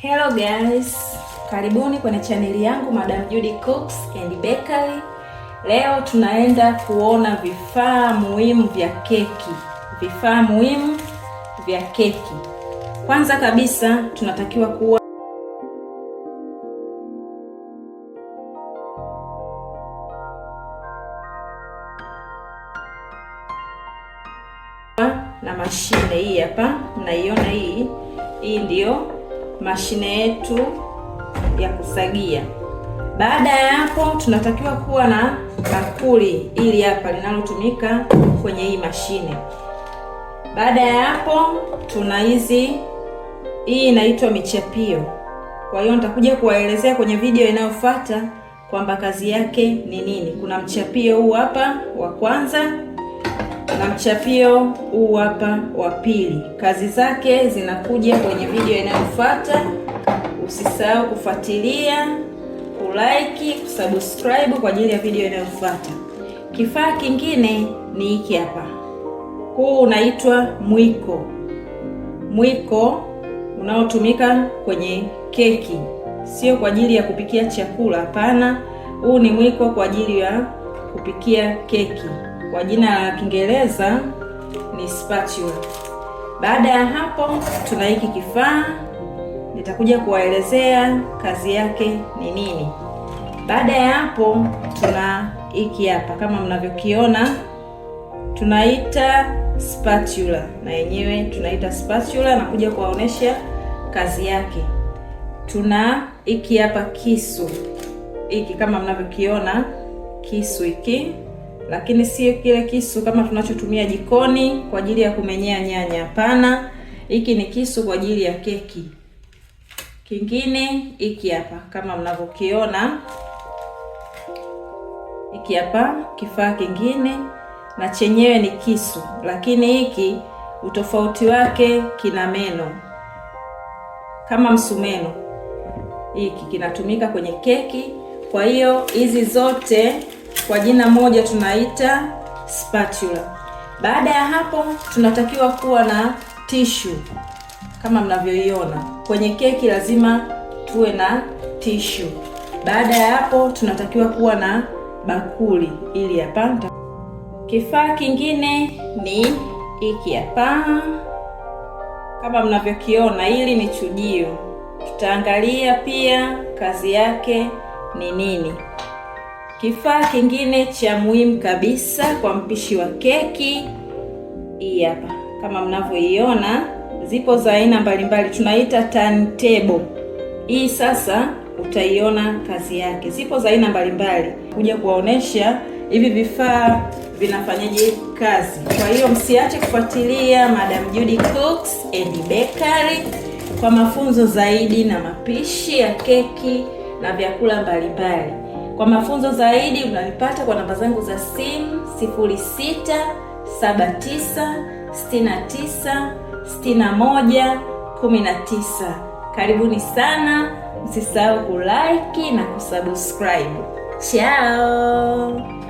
Hello guys, karibuni kwenye chaneli yangu Madam Judy Cooks and Bakery. Leo tunaenda kuona vifaa muhimu vya keki, vifaa muhimu vya keki. Kwanza kabisa tunatakiwa kuwa na mashine hii hapa, mnaiona hii, hii ndio mashine yetu ya kusagia. Baada ya hapo, tunatakiwa kuwa na bakuli ili hapa linalotumika kwenye hii mashine. Baada ya hapo, tuna hizi, hii inaitwa michapio. Kwa hiyo nitakuja kuwaelezea kwenye video inayofuata kwamba kazi yake ni nini. Kuna mchapio huu hapa wa kwanza na mchapio huu hapa wa pili. Kazi zake zinakuja kwenye video inayofuata. Usisahau kufuatilia, kulike, kusubscribe kwa ajili ya video inayofuata. Kifaa kingine ni hiki hapa, huu unaitwa mwiko. Mwiko unaotumika kwenye keki, sio kwa ajili ya kupikia chakula, hapana. Huu ni mwiko kwa ajili ya kupikia keki kwa jina la Kiingereza ni spatula. Baada ya hapo, tuna hiki kifaa, nitakuja kuwaelezea kazi yake ni nini. Baada ya hapo, tuna hiki hapa kama mnavyokiona, tunaita spatula, na yenyewe tunaita spatula. Nakuja kuwaonesha kazi yake. Tuna hiki hapa kisu hiki kama mnavyokiona, kisu hiki lakini sio kile kisu kama tunachotumia jikoni kwa ajili ya kumenyea nyanya. Hapana, hiki ni kisu kwa ajili ya keki. Kingine hiki hapa, kama mnavyokiona, hiki hapa kifaa kingine, na chenyewe ni kisu, lakini hiki utofauti wake kina meno kama msumeno. Hiki kinatumika kwenye keki. Kwa hiyo hizi zote kwa jina moja tunaita spatula. Baada ya hapo, tunatakiwa kuwa na tishu kama mnavyoiona kwenye keki, lazima tuwe na tishu. Baada ya hapo, tunatakiwa kuwa na bakuli ili yapanta Kifaa kingine ni hiki hapa kama mnavyokiona, hili ni chujio. Tutaangalia pia kazi yake ni nini. Kifaa kingine cha muhimu kabisa kwa mpishi wa keki hii hapa, kama mnavyoiona, zipo za aina mbalimbali, tunaita turntable. Hii sasa utaiona kazi yake, zipo za aina mbalimbali, kuja kuwaonesha hivi vifaa vinafanyaje kazi. Kwa hiyo msiache kufuatilia Madam Judy Cooks and Bakery kwa mafunzo zaidi na mapishi ya keki na vyakula mbalimbali. Kwa mafunzo zaidi unanipata kwa namba zangu za simu 06 69 61 Karibuni sana, msisahau kulike na kusubscribe. Chao.